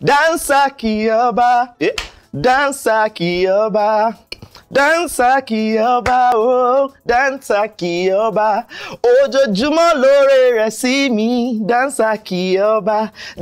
Dansa Kioba. Yeah. Dansa Kioba. Dàńsàkì ọba o dàńsàkì ọba ojoojúmọ́ lóore rẹ̀ sí mi dàńsàkì ọba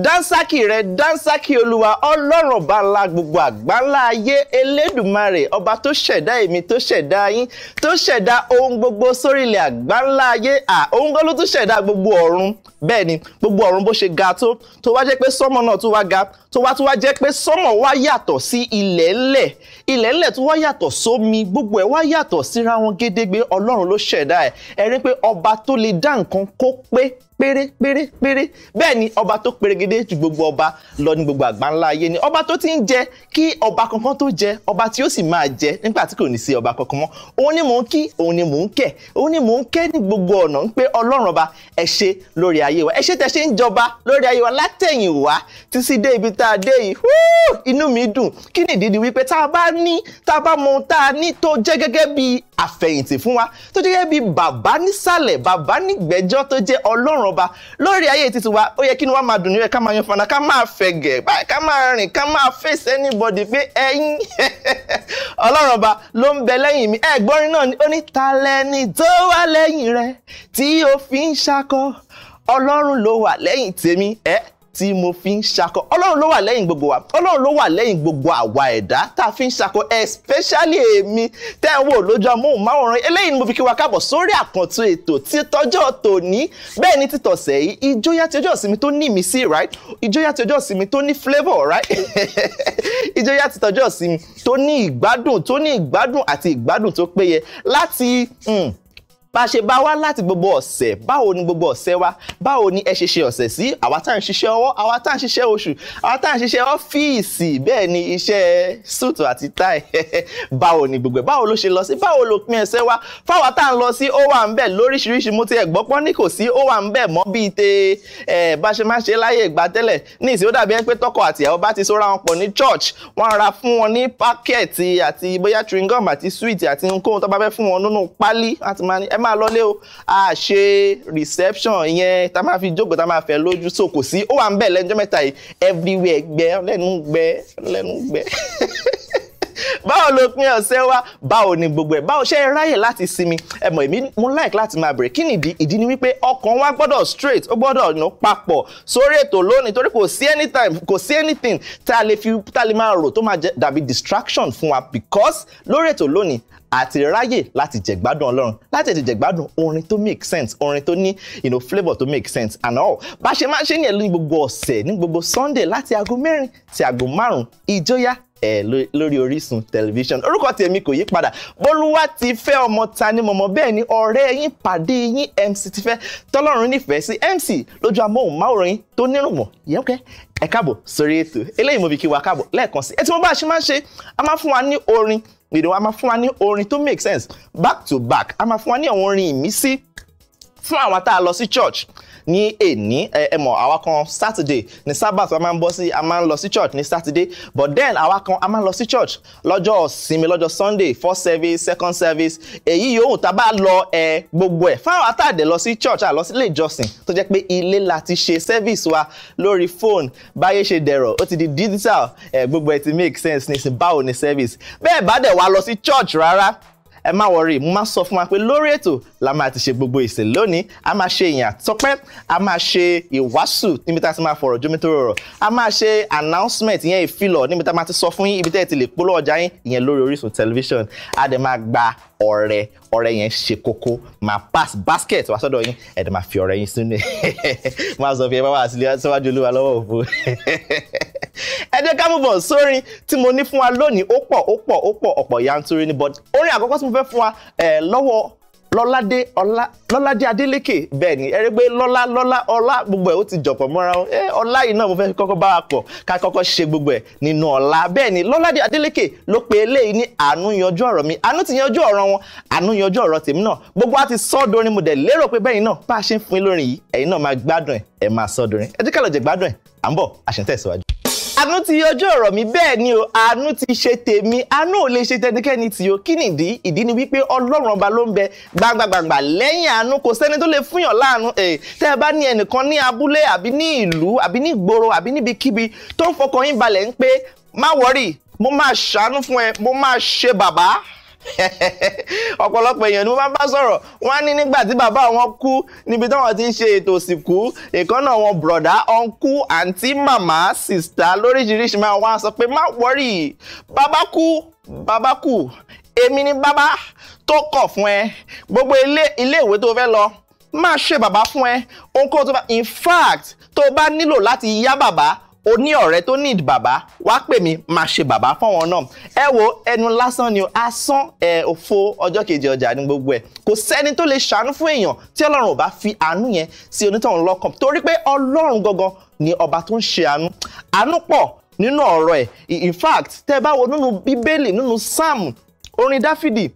dàńsàkì rẹ̀ dàńsàkì olúwa ọlọ́run ọba ńlá gbogbo àgbáńlá ayé elédùmarè ọba tó ṣẹ̀dá èmi tó ṣẹ̀dá yín tó ṣẹ̀dá ohun gbogbo sórílẹ̀ àgbáńlá ayé à ohun gbọ́ ló tún ṣẹ̀dá gbogbo ọ̀run bẹ́ẹ̀ ni gbogbo ọ̀run bó ṣe ga tó tó wá jẹ́ pé sọ́mọ̀ náà tó wá ga tó wá tó wá jẹ́ pé sọ́mọ̀ wá yàtọ̀ sí ilẹ̀ ńlẹ̀ ilẹ̀ ńlẹ̀ tó wá yàtọ̀ só omi gbogbo ẹ̀ wá yàtọ̀ síra wọn gédégbé ọlọ́run ló ṣẹ̀dá ẹ̀ ẹ rí pé ọba tó lè dá nǹkan kó pé péré péré péré bẹ́ẹ̀ ni ọba tó pérégedé ju gbogbo ọba lọ ní gbogbo àgbáńlá ayé ni ọba tó ti ń jẹ kí ọba kankan tó jẹ ọba tí ó sì máa jẹ nígbà tí kò ní sí ọba kankan mọ́ òun ni mò ń kí òun ni mò ń kẹ́ òun ni mò ń kẹ́ ní gbogbo ọ̀nà ń pé ọlọ́run ọba ẹ ṣé lórí ayé wa ẹ ṣé tẹ ṣe ń jọba lórí ayé wa látẹ̀yìn wá títí dé ibi tá a dé yìí inú mi dùn kí nìdí ni wípé tá a bá ní tá a bá mọ ọba lórí ayé títí wa ó yẹ kí ni wọ́n máa dùn níbẹ̀ ká máa yan fana ká máa fẹ̀gẹ̀ báyìí ká máa rìn ká máa face anybody pé ẹ̀yin ọlọ́run ọba ló ń bẹ lẹ́yìn mi ẹ̀gbọ́n náà ó ní ta lẹni tó wá lẹ́yìn rẹ tí o ṣakọ ọlọ́run ló wà lẹ́yìn tèmi ẹ̀ tí mo fi ń ṣakọ ọlọ́run ló wà lẹ́yìn gbogbo wa ọlọ́run ló wà lẹ́yìn gbogbo àwa ẹ̀dá tá a fi ń ṣakọ especially èmi tẹ́ ń wò lójú amóhùnmáwòrán eléyìí ni mo fi kí wa káàbọ̀ sórí àkàntún ètò tí tọjọ́ tòní bẹ́ẹ̀ ni títọ̀sẹ̀ yìí ìjóyà tí ọjọ́ ìsinmi tó ní ìmísí right ìjóyà tí ọjọ́ ìsinmi tó ní flavour right ìjóyà tí tọjọ́ ìsinmi tó ní ìgbádùn tó ní ìgbádùn àti ìgbádùn tó péye láti. Hmm, bá ṣe bá wá láti gbogbo ọ̀sẹ̀ báwo ni gbogbo ọ̀sẹ̀ wa báwo ni ẹ ṣe ṣe ọ̀sẹ̀ sí àwa tá à ń ṣiṣẹ́ ọwọ́ àwa tá à ń ṣiṣẹ́ oṣù àwa tá à ń ṣiṣẹ́ ọ́fíìsì bẹ́ẹ̀ ni iṣẹ́ súùtù àti táì báwo ni gbogbo ẹ̀ báwo ló ṣe lọ sí báwo ló pín ẹsẹ̀ wa fáwa tá à ń lọ sí ó wà ń bẹ̀ lóríṣiríṣi mo ti ẹ̀gbọ́n pọ́n ní kò sí ó wà ń bẹ̀ mọ́ bíi te ẹ̀ bá ṣe má ṣe láyé ìgbà tẹ́lẹ̀ ní ìsìn ó dàbí ẹ pé tọkọ àti ìyàwó bá ti sóra wọn pọ̀ ní church wọ́n ra fún wọn ní pákẹ́ẹ̀tì àti bóyá chewing àti sweet àti ohunkóhun tó bá fẹ́ fún wọn nínú pálí àti máa ní ẹ máa lọ lé o a ṣe reception yẹn tá máa fi jókòó tá máa fẹ́ lójú so kò sí ó wà ń bẹ̀ lẹ́jọ́ mẹ́ta yìí everywhere gbẹ lẹ́nu gbẹ lẹ́nu gbẹ. báwo ló pín ọ̀sẹ̀ wa báwo ni gbogbo ẹ̀ báwo ṣe é ráyè láti sinmi ẹ mọ̀ èmi mo like láti máa bèrè kí nìdí ìdí ni wípé ọkàn wa gbọ́dọ̀ straight ó gbọ́dọ̀ nù papọ̀ sórí ètò lónìí torí kò sí anytime kò sí anything tá a lè fi tá a lè máa rò tó máa dàbí distraction fún wa because lórí ètò lónìí àti ráyè láti jẹ̀gbádùn ọlọ́run láti ètò jẹ̀gbádùn orin tó make sense orin tó ní you know, flavour tó make sense and all bá ṣe máa ṣe ní ẹ̀lú ní gbogbo ọ̀sẹ̀ ní gbogbo Sunday láti aago mẹ́rin sí aago márùn-ún ìjọyà ẹ lórí Orísun tẹlifíṣàn orúkọ tèmi kò yí padà Bólúwatifẹ́ ọmọ Tanímọ̀mọ́ bẹ́ẹ̀ ni ọ̀rẹ́ yín pàdé yín MC Tifẹ́ tọ́lọ́run nífẹ̀ẹ́ sí MC lójú amóhùnmáwòrán yín tó nírùnmọ̀ yẹ́nkẹ́ ẹ káàbọ̀ sórí ètò eléyìí mo fi kí wa káàbọ̀ lẹ́ẹ̀kan sí ẹ tí mo bá a ṣe máa ń ṣe a máa fún wa ní orin ìdè wa máa fún wa ní orin tó make sense back to back a máa fún wa ní àwọn orin ìmísí fún àwọn tá a lọ sí church ní èní ẹ mọ̀ àwa kan Saturday ní Sabbath a máa ń bọ́ sí a máa ń lọ sí church ní Saturday but then àwa kan a máa ń lọ sí church lọ́jọ́ sinmi lọ́jọ́ Sunday first service second service èyí yòówù tá a bá lọ ẹ gbogbo ẹ fáwọn àtàdé lọ sí church àlọ sílé ìjọsìn tó jẹ́ pé ilé la ti ṣe service wa lórí phone báyé ṣe dẹ̀rọ̀ ó ti di digital ẹ gbogbo ẹ ti make sense ní sin báwo ni service bẹ́ẹ̀ bá dẹ̀ wá lọ sí church rárá ẹ má wọrí mo máa sọ fún wa pé lórí ètò la máa ti ṣe gbogbo ìsìn lónìí a máa ṣe ìyàn àtọpẹ́ a máa ṣe ìwásù níbi tá a ti máa fọ̀rọ̀ jómitóró ọ̀rọ̀ a máa ṣe announcement ìyẹn ìfilọ̀ níbi tá a máa ti sọ fún yín ibi tẹ́ ẹ ti lè polówó ọjà yín ìyẹn lórí Orísun tẹlifíṣọ̀n a dẹ̀ máa gba ọrẹ ọrẹ yẹn ṣe kókó máa pass basket wá sọ́dọ̀ yín ẹdẹ máa fi ọrẹ yín sínú máa sọ fún yẹn bá wà síwájú olúwa lọ́wọ́ òfu ẹ jẹ́ ká move on sórin tí mo ní fún wa lónìí ó pọ̀ ó pọ̀ ó pọ̀ ọ̀pọ̀ yanturu ní but orin àkọ́kọ́ tí mo fẹ́ fún wa lọ́wọ́ lọ́ládé ọlá lọ́ládé adélékè bẹ́ẹ̀ ni ẹ̀rí pé lọ́lá lọ́lá ọlá gbogbo ẹ̀ ó ti jọ̀pọ̀ mọ́ra wọn ẹ̀ eh, ọlá yìí náà mo fẹ́ kọ́kọ́ bá wa pọ̀ ká kọ́kọ́ ṣe gbogbo ẹ̀ nínú ọlá bẹ́ẹ̀ ni lọ́ládé adélékè ló pe eléyìí ní àánú yanjú ọ̀rọ̀ mi àánú ti yanjú ọ̀rọ̀ wọn àánú yanjú ọ̀rọ̀ tèmi náà gbogbo wa ti sọ dorin mo dẹ̀ lérò pé bẹ́ẹ̀ náà bá a ṣe ń fún yín lórin yìí ẹ̀yin náà máa gbádùn ẹ̀ ẹ̀ máa sọ dorin ẹ jẹ́ ká lọ jẹ gbádùn ẹ̀ à àánú ti yọjú ọ̀rọ̀ mi bẹ́ẹ̀ ni o àánú ti ṣe tèmi àánú ò lè ṣe tẹnikẹ́ni tí o kí nìdí ìdí ni wípé ọlọ́run ọba ló ń bẹ gbangbangba lẹ́yìn àánú kò sẹ́ni tó lè fúnyàn láàánú ẹ̀ tẹ́ ẹ bá ní ẹnìkan ní abúlé àbí ní ìlú àbí ní ìgboro àbí níbikíbi tó ń fọkàn yín balẹ̀ ń pé má wọ́rì mo máa ṣàánú fún ẹ mo máa ṣe bàbá ọ̀pọ̀lọpọ̀ èèyàn ni wọ́n bá sọ̀rọ̀ wọ́n á ní nígbà tí bàbá wọn kú níbi táwọn ti ń ṣe ètò òsìnkú ìkànnà wọn bùrọ̀dá ọ̀nkú àǹtí màmá sìstà lóríṣiríṣi máa wá sọ pé má wọ́rì bàbá kú bàbá kú èmi ni bàbá tó kọ̀ fún ẹ gbogbo ilé ìwé tó fẹ́ lọ máa ṣe bàbá fún ẹ ohunkóhun tó bá in fact tó bá nílò láti yá bàbá o ní ọ̀rẹ́ tó need bàbá wá pè mí máa ṣe bàbá fáwọn náà ẹ wo ẹnu lásán ni o asán ẹ òfo ọjọ́ kejì ọjà ní gbogbo ẹ̀ kò sẹ́ni tó lè ṣàánú fún èèyàn tí ọlọ́run ò bá fi àánú yẹn sí onítọ̀hún lọ́kàn torí pé ọlọ́run gangan ni ọba tó ń ṣe àánú àánú pọ̀ nínú ọ̀rọ̀ ẹ̀ in fact tẹ́ ẹ bá wo nínú bíbélì nínú sam orin dáfídì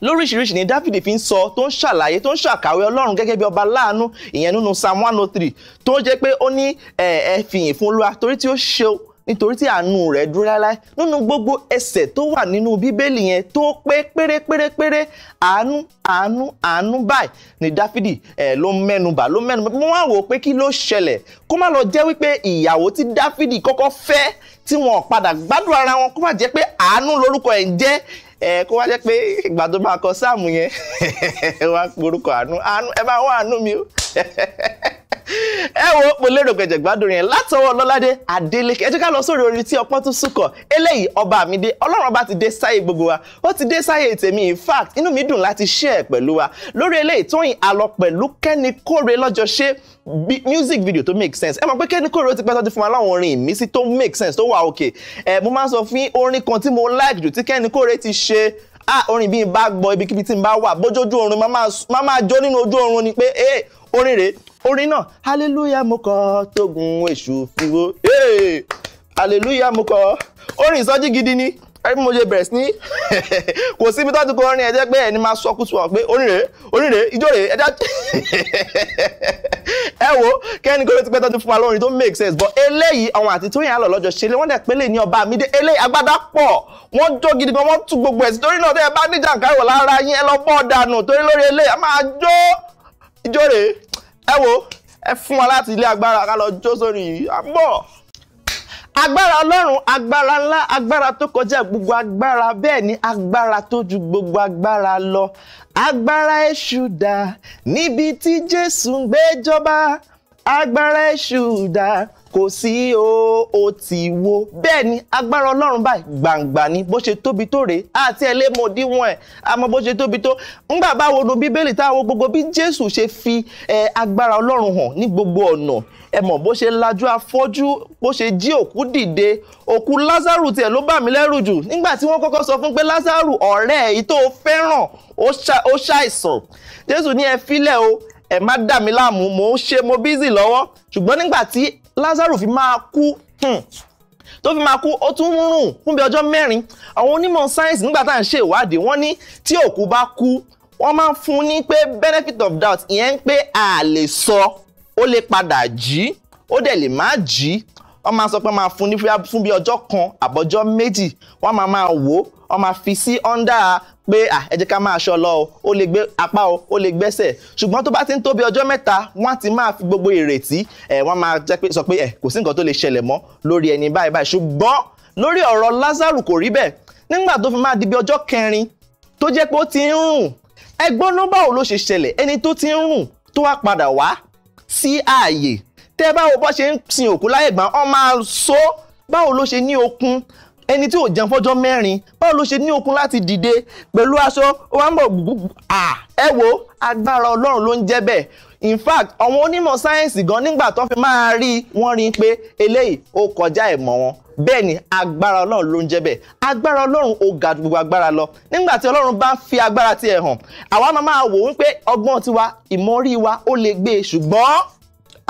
lóríṣiríṣi ni dáfídì fi ń sọ tó ń ṣàlàyé tó ń ṣàkàwé ọlọ́run gẹ́gẹ́ bí ọba láàánú ìyẹn nínú psalm one oh three tó jẹ́ pé ó ní ẹ ẹ fìyìn fún olúwa torí tí ó ṣe nítorí tí àánú rẹ̀ dúró láéláé nínú gbogbo ẹsẹ̀ tó wà nínú bíbélì yẹn tó pé pérépérépéré àánú àánú àánú báyìí ni dáfídì ẹ ló mẹ́nubà ló mẹ́nubà mo wá wò ó pé kí ló ṣẹlẹ̀ kó má lọ jẹ́ wípé ìyàwó tí dáfídì kọ́kọ́ fẹ́ tí wọn padà gbádùn ara wọn kó má jẹ́ pé àánú lórúkọ ẹ̀ ń jẹ́ ẹ kó wá jẹ́ pé ìgbà tó máa kọ sáàmù yẹn ẹ wá porúkọ àánú àánú ẹ bá wọ àánú mi o. ẹ wo mo lérò gbẹ̀jẹ̀ gbádùn yẹn látọwọ́ lọ́ládé adélèké ẹ jẹ́ ká lọ sórí orin tí ọpọ́n tún súnkọ̀ eléyìí ọba mi dé ọlọ́run ọba ti dé sáyé gbogbo wa ó ti dé sáyé tèmi in fact inú mi dùn láti ṣe ẹ̀ pẹ̀lú wa lórí eléyìí tóyìn àlọ pẹ̀lú kẹ́ni kóre lọ́jọ́ ṣe music video tó make sense ẹ mọ̀ pé kẹ́ni kóre ó ti pẹ́ tó ti fún wa láwọn orin ìmísí tó make sense tó wà òkè ẹ mo máa ń sọ fún orin kan tí mo like jù tí kẹ́ni kóre ti ṣe ah orin bí n bá gbọ́ ibikíbi tí n bá wà bójójú oorun máa máa jó nínú ojú oorun ni pé eh, orin rèé orin náà hallelujah mo kọ tógun èṣù fiwo hallelujah mo kọ orin ìsọjí gidi ni ẹni mo ṣe bẹ̀rẹ̀ sí ní kò síbi tó ti kọ orin ẹ̀jẹ̀ pé ẹni máa sọ kùsù ọ̀ pé orin rèé orin rèé ijó rèé ẹja ẹ wo kẹ́ni kó ló ti pẹ́ tó ti fún wa lórin tó make sense but eléyìí àwọn àti Tóyìn Àlọ̀ lọ́jọ́ ṣe lé wọ́n dẹ̀ pélé ní ọba Àmídé eléyìí agbádá pọ̀ wọ́n jó gidi gan wọ́n tú gbogbo ẹ̀sìn torí náà tẹ́ ẹ bá níjà káyọ̀ lára yín ẹ lọ bọ́ ọ̀dànù torí lórí eléyìí a máa jó ijó rèé ẹ wo ẹ fún wa láti ilé agbára ká lọ jó sórí yìí à ń bọ̀ agbára ọlọ́run agbára ńlá agbára tó kọjá gbogbo agbára bẹ́ẹ̀ ni agbára tó ju gbogbo agbára lọ agbára èṣù dà níbi tí jésù ń gbé jọba agbára èṣù dà kò sí o ó ti wo bẹ́ẹ̀ ni agbára ọlọ́run báyìí gbàǹgbà ni bó ṣe tóbi tó rèé àti ẹ̀ lé mo díwọ̀n ẹ̀ àmọ́ bó ṣe tóbi tó ńgbà bá wo nu bíbélì táwọn gbogbo bí jésù ṣe fi agbára ọlọ́run hàn ní gbogbo ọ̀nà ẹ mọ̀ bó ṣe lajú afọ́jú bó ṣe jí òkú dìde òkú lázàrù tiẹ̀ ló bà mí lẹ́rù jù nígbà tí wọ́n kọ́kọ́ sọ fún pé lázàrù ọ̀rẹ́ ẹ̀ tó fẹ́ràn ó ṣàìsàn jésù ní ẹ filẹ̀ o ẹ má dà mí láàmú mò ń ṣe mo bízì lọ́wọ́ ṣùgbọ́n nígbà tí Lázaro, fi máa kú hmm, tó fi máa kú ó tún ń rùn fún bí ọjọ́ mẹ́rin àwọn onímọ̀ sáyẹ́nsì nígbà tá à ń ṣe ìwádìí wọ́n ní tí òkú bá kú wọ́n máa ń fún ní pé benefit of doubt ìyẹn ń pé a lè sọ ó lè padà jí ó dẹ̀ lè má jí wọ́n máa sọ pé máa fún ní fún bí ọjọ́ kan àbọ̀jọ́ méjì wọ́n máa máa wò ó wọ́n máa fi sí under pé ah, ẹ jẹ́ ká máa ṣọ lọ o ó lè gbé apá o ó lè gbẹ́sẹ̀ ṣùgbọ́n tó bá ti ń tó bí ọjọ́ mẹ́ta wọ́n ti máa fi gbogbo ìrètí ẹ̀ wọ́n máa jẹ́ pé sọ pé ẹ̀ kò sí nǹkan tó lè ṣẹlẹ̀ mọ́ lórí ẹni báyìí báyìí ṣùgbọ́n lórí ọ̀rọ̀ Lásárù kò rí bẹ́ẹ̀ nígbà tó fi máa di bí ọjọ́ kẹrin tó jẹ́ pé ó ti ń rùn ẹgbọ́n ló báwo ló ṣe ṣẹlẹ̀ ẹni tó ti ń rùn tó wá padà wá sí ààyè tẹ́ báwo bọ́ ṣe ń sin òkú láyè gbà wọ́n máa so báwo ló ṣe ní okun ẹni tí ò jẹun fọ́jọ́ mẹ́rin báwo ló ṣe ní okun láti dìde pẹ̀lú aṣọ ó wá ń bọ̀ gbùgbùgbù à ẹ wo agbára ọlọ́run ló ń jẹ́ bẹ́ẹ̀ in fact àwọn onímọ̀ sáyẹ́ǹsì gan nígbà tó fi máa rí wọ́n rí i pé eléyìí ó kọjá ìmọ̀ wọn bẹ́ẹ̀ ni agbára ọlọ́run ló ń jẹ́ bẹ́ẹ̀ agbára ọlọ́run ó ga gbogbo agbára lọ nígbà tí ọlọ́run bá fi agbára tiẹ̀ hàn àwa máa máa wò wípé ọgbọ́n tiwa ìmọ̀rí wa ó lè gbé e. ṣùgbọ́n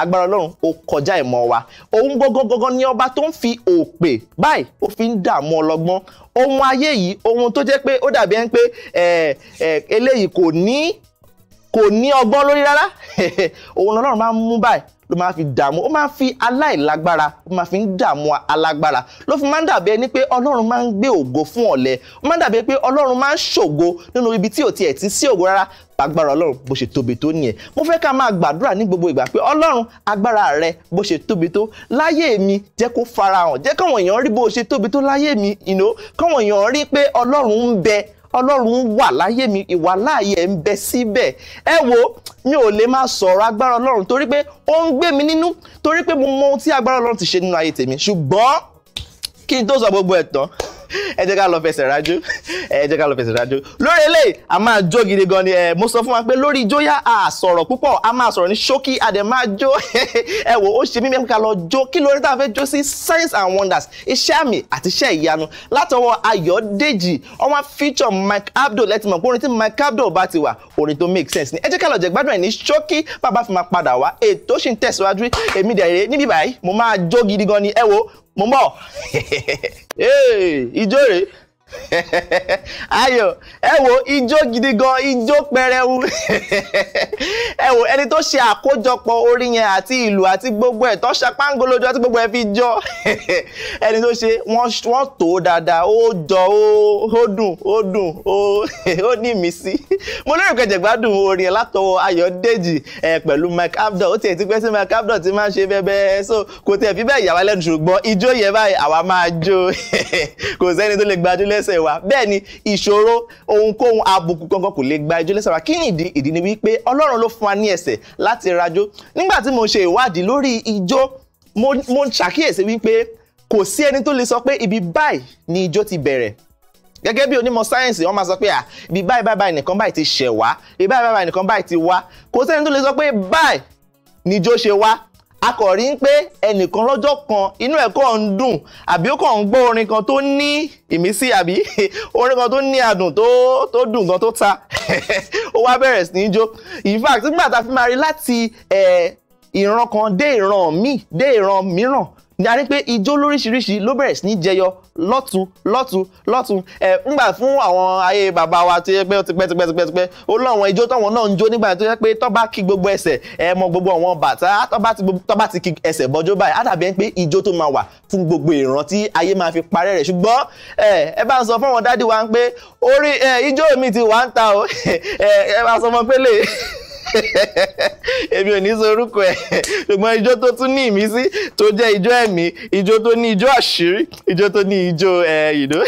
agbára ọlọ́run ó kọjá ìmọ̀ wa òun gọ́gọ́gọ́gọ́ ni ọba tó ń fi òpè báyìí ó fi ń dààmú ọlọ́gbọ́n ohun ayé yìí ohun tó jẹ́ pé ó dàbí ẹni pé eléyìí kò ní kò ní ọgbọ́n lórí rárá òun ọlọ́run máa ń mú báyìí ló máa fi dààmú ó máa fi aláìlágbára ó máa fi ń dààmú alágbára ló fi máa ń dàbí ẹni pé ọlọ́run máa ń gbé ògo fún ọ̀lẹ ó máa ń dàbí pé ọlọ́run máa ń ṣògo nínú ibi tí ò tiẹ̀ ti sí ògo rárá agbára ọlọ́run bó ṣe tóbi tó nìyẹn mo fẹ́ ká máa gbàdúrà ní gbogbo ìgbà pé ọlọ́run agbára rẹ bó ṣe tóbi tó láyé mi jẹ́ kó farahàn jẹ́ káwọn èèyàn rí bó ṣe tóbi tó láyé mi ìnó káwọn èèyàn rí pé ọlọ́run ń bẹ ọlọ́run wà láyé mi ìwà láàyè ń bẹ síbẹ̀ ẹ wo mi ò lè máa sọ̀rọ̀ agbára ọlọ́run torí pé ó ń gbé mi nínú torí pé mo mọ ohun tí agbára ọlọ́run ti ṣe nínú ayé tèmi ṣùgbọ́n kí n tó sọ gbogbo ẹ̀ tán ẹ jẹ́ ká lọ fẹsẹ̀ rájò ẹ jẹ́ ká lọ fẹsẹ̀ rájò lórí eléyìí a máa jó gidi gan ni mo sọ fún wa pé lórí ìjóyà a sọ̀rọ̀ púpọ̀ a máa sọ̀rọ̀ ní ṣókí a dẹ̀ máa jó ẹ wò ó ṣe mímẹ́ ká lọ jó kí lórí tá a fẹ́ jó sí science and wonders iṣẹ́ àmì àti iṣẹ́ ìyanu látọwọ́ Ayọ̀dèjì ọmọ feature Mike Abdo lẹ́tìmọ̀ pé orin tí Mike Abdo bá ti wà orin tó make sense ni ẹ jẹ́ ká lọ jẹ gbádùn ẹ̀ ní ṣókí bàbá fi máa padà wá ètò ṣì ń tẹ̀síwájú èmi dẹ̀ gidi gan ni mo ń bọ̀ ìjó rèé Ayo, ẹ wo ijó gidi gan ijó pẹrẹwu ẹ wo ẹni tó ṣe àkójọpọ̀ orin yẹn àti ìlú àti gbogbo ẹ̀ tó ṣapáńgolójọ àti gbogbo ẹ̀ fi jọ ẹni tó ṣe wọ́n tó dáadáa ó jọ ó dùn ó dùn ó ní ìmísí mo lérò kẹjẹ gbádùn orin ẹ látọwọ́ Ayọ̀dèjì ẹ pẹ̀lú Mike Abdul ó tiẹ̀ ti pẹ́ sí Mike Abdul ti máa ń ṣe bẹbẹ so kò tiẹ̀ fi bẹ́ẹ̀ yà wá lẹ́nu ṣùgbọ́n ijó yẹn báyìí àwa máa jó kò sẹ́ni tó lè gbadúlẹ lẹ́sẹ̀ wa bẹ́ẹ̀ ni ìṣòro ohunkóhun àbùkù kankan kò lè gba ẹjọ́ lẹ́sẹ̀ wa kí ni ìdí ìdí ni wípé Ọlọ́run ló fún wa ní ẹsẹ̀ láti rajó nígbà tí mo ṣe ìwádìí lórí ijó mo ṣàkíyèsí wípé kò sí ẹni tó lè sọ pé ibi báyìí ni ijó ti bẹ̀rẹ̀ gẹ́gẹ́ bí onímọ̀ sáyẹ́ǹsì wọ́n máa sọ pé ibi báyìí báyìí báyìí nìkan báyìí ti ṣẹ̀ wá ibi báyìí báyìí nìkan báyìí ti wá kò sẹ́ni tó lè sọ pé báyìí níjó ṣe wá akọ̀rí ń pé ẹnìkan lọ́jọ́ kan inú ẹ̀ kọ́ ń dùn àbí ó kàn ń gbọ́ orin kan tó ní ìmísí àbí orin kan tó ní adùn tó tó dùn gan tó ta ó wá bẹ̀rẹ̀ sí ní jó in fact nígbà tá a fi máa rí láti ìran kan dé ìran míì dé ìran mìíràn a rí pé ijó lóríṣiríṣi ló bẹ̀rẹ̀ sí ní jẹyọ lọ́tún lọ́tún lọ́tún ẹ̀ ńgbà fún àwọn ayé bàbá wa tó yẹ pé ó ti pẹ́ ti pẹ́ ti pẹ́ ti pẹ́ ó láwọn ijó táwọn náà ń jó nígbà tó yẹ pé tó bá kí gbogbo ẹsẹ̀ ẹ mọ gbogbo àwọn bàtà tó bá ti kí ẹsẹ̀ bọ́jọ́ báyìí á dàbí ẹni pé ijó tó máa wà fún gbogbo ìran ayé máa fi parẹ́ rẹ̀ ṣùgbọ́n ẹ bá ń sọ fún àwọn dádì mi ti wà ń ta o ẹ bá èmi ò ní sọ orúkọ ẹ̀ ṣùgbọ́n ijó tó tún ní ìmísí tó jẹ́ ijó ẹ̀mí ijó tó ní ijó àṣírí ijó tó ní ijó ìdó.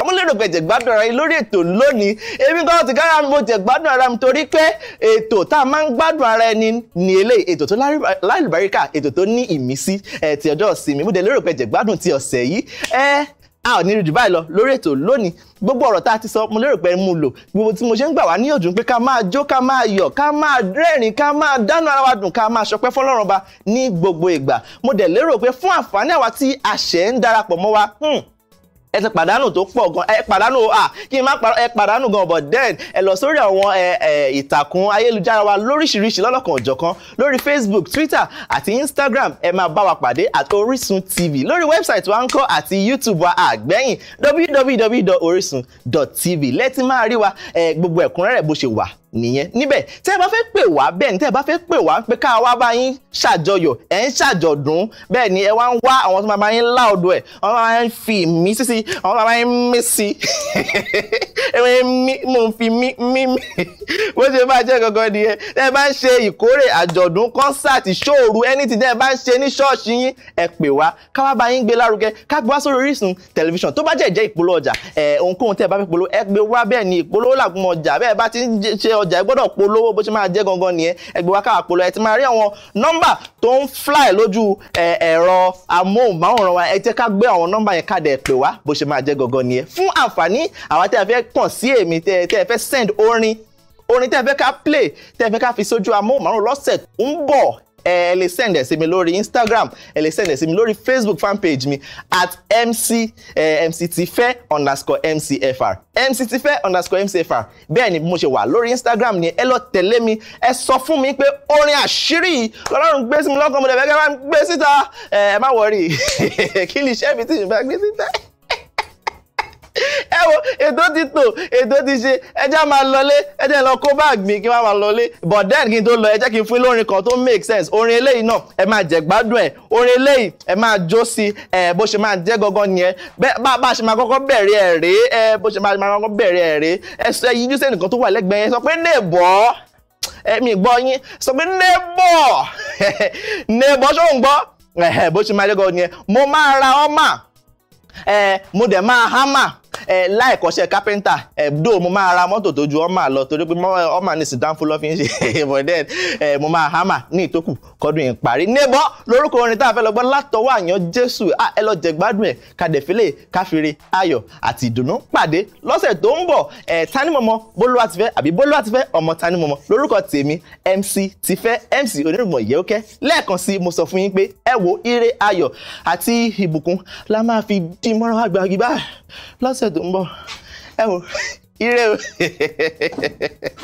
àwọn lérò pé jẹ̀gbádùn ara yín lórí ètò lónìí èmi kan ti kára mo jẹ̀gbádùn ara mi torí pé ètò tá a máa ń gbádùn ara ẹni ní eléyìí ètò tó lálùbáríkà ètò tó ní ìmísí ti ọjọ́ ìsinmi mo dẹ̀ lérò pé jẹ̀gbádùn ti ọ̀sẹ̀ yìí a ò ní rí jù báyìí lọ lórí ètò lónìí gbogbo ọ̀rọ̀ tá a ti sọ mo lérò pé mo lò gbogbo tí mo ṣe ń gbà wá níyànjú pé ká máa jó ká máa yọ̀ ká máa rẹ́rìn ká máa dánú ara wa dùn ká máa ṣọpẹ́ fọlọ́run ba ní gbogbo ìgbà mo dẹ̀ lérò pé fún àǹfààní àwa tí àṣẹ ń darapọ̀ mọ́ wa hmm, ẹ ti pàdánù tó pọ̀ gan ẹ pàdánù à kí n má parọ́ ẹ pàdánù gan but then ẹ lọ sórí àwọn ìtàkùn ayélujára wa lóríṣiríṣi lọ́lọ́kan òjọ̀kan lórí Facebook Twitter àti Instagram ẹ máa bá wa pàdé at Orisun TV lórí website wa ń kọ́ àti YouTube wa àgbẹ̀yìn www.orisun.tv lẹ́tí máa rí wa gbogbo ẹ̀kúnrẹ́rẹ́ bó ṣe wà nìyẹn níbẹ̀ tẹ́ ẹ bá fẹ́ pè wá bẹ́ẹ̀ ni tẹ́ ẹ bá fẹ́ pè wá pé ká wá bá yín ṣàjọyọ̀ ẹ̀ ń ṣàjọ̀dún bẹ́ẹ̀ ni ẹ wá ń wá àwọn tó máa bá yín lá ọ̀dọ̀ ẹ̀ àwọn máa bá yín fi mí sísí àwọn máa bá yín mí sí ẹ wọ́n yín mí mò ń fi mí mí mí bó ṣe bá jẹ́ gangan nìyẹn tẹ́ ẹ bá ń ṣe ìkórè àjọ̀dún kọ́nsáàtì ṣóòru anything tẹ́ ẹ bá ń ṣe ní ṣọ́ọ̀ṣì yín ẹ pè wá ká wá bá yín gbé lárugẹ ká gbé wá sórí Orísun tẹlifíṣàn tó bá jẹ́ ìjẹ́ ìpolówó ọjà ẹ̀ ohunkóhun tẹ́ ẹ bá fẹ́ polówó ẹ gbé wá ni ìpolówó làgùnmọ̀ ọjà bẹ́ẹ̀ bá ti ọjà ẹ gbọ́dọ̀ polówó bó ṣe máa jẹ́ gangan nìyẹn ẹgbẹ́ wa káà polówó ẹ ti máa rí àwọn nọ́mbà tó ń fly lójú ẹ̀rọ amóhùnmáwòrán wa ẹ jẹ́ ká gbé àwọn nọ́mbà yẹn káàdẹ̀ pè wá bó ṣe máa jẹ́ gangan nìyẹn fún àǹfààní àwa tẹ́ ẹ fẹ́ kàn sí èmi tẹ́ ẹ fẹ́ send orin orin tẹ́ ẹ fẹ́ ká play tẹ́ ẹ fẹ́ ká fi sójú amóhùnmáwòrán lọ́sẹ̀ ń bọ̀ ẹ lè send ẹ̀ sí mi lórí Instagram ẹ lè send ẹ̀ sí mi lórí Facebook fanpage mi at mc eh, mctfẹ́ underscore mcfr mctfẹ́ underscore mcfr bẹ́ẹ̀ ni mo ṣe wà lórí Instagram ni ẹ lọ tẹ̀lé mi ẹ sọ fún mi pé orin àṣírí lọ́lọ́run gbé sí mi lọ́kàn mo dẹ̀ fẹ́ kẹ́ bá ń gbé síta ẹ má wọrí kí ni iṣẹ́ mi ti ṣùgbọ́n gbé síta. ẹ Edo ètò ti tò ètò ti ṣe ẹjẹ́ a máa lọlé ẹjẹ́ lọ kó báàgì kí n máa lọlé but then kí n tó lọ ẹ kí n fún lórin kan tó make sense orin eléyìí náà ẹ máa jẹ gbádùn ẹ orin eléyìí ẹ máa jó sí ẹ bó ṣe máa jẹ́ gangan nìyẹn bá a ṣe máa kọ́kọ́ bẹ̀rẹ̀ ẹ̀ rèé ẹ bó ṣe máa kọ́kọ́ bẹ̀rẹ̀ ẹ̀ rèé ẹ sọ ẹ yíjú sẹ́nìkan tó wà lẹ́gbẹ̀ẹ́ yẹn sọ pé nèbọ̀ ẹ̀mí gbọ́ yín sọ pé nèbọ̀ nèbọ̀ ṣóun gbọ́ bó ṣe máa jẹ́ gangan nìyẹn mo máa ra ọ́ mà mo dẹ̀ máa hámà láìkọ́ṣẹ́ kápẹ́ńtà ẹ̀dó mo máa ra mọ́tò tó ju ọmọ lọ torí pé ọmọ ní sidanfo lọ́ fi ń ṣe mọ̀dẹ́n mo máa hámà ní ìtókù kọ́dún yìí parí. Nébọ́ lórúkọ orin tá a fẹ́ lọ gbọ́ látọwọ́ àyàn Jésù ẹ lọ jẹ gbádùn ẹ̀ kàdéfélé káfíre ayọ̀ àti ìdùnnú pàdé lọ́sẹ̀ tó ń bọ̀ Tanímọ̀mọ́ Bólúwatifẹ́ àbí Bólúwatifẹ́ ọmọ Tanímọ̀mọ́ lórúkọ tèmi MC Tifẹ́ MC onírùmọ̀ ìyẹ́wókẹ́ lẹ́ẹ̀kan sí mo sọ fún yín pé ẹ wo ire ayọ̀ àti ìbùkún la máa fi dí mọ́ra wá gbàgbé tó ń bọ̀ ẹ wò ire o.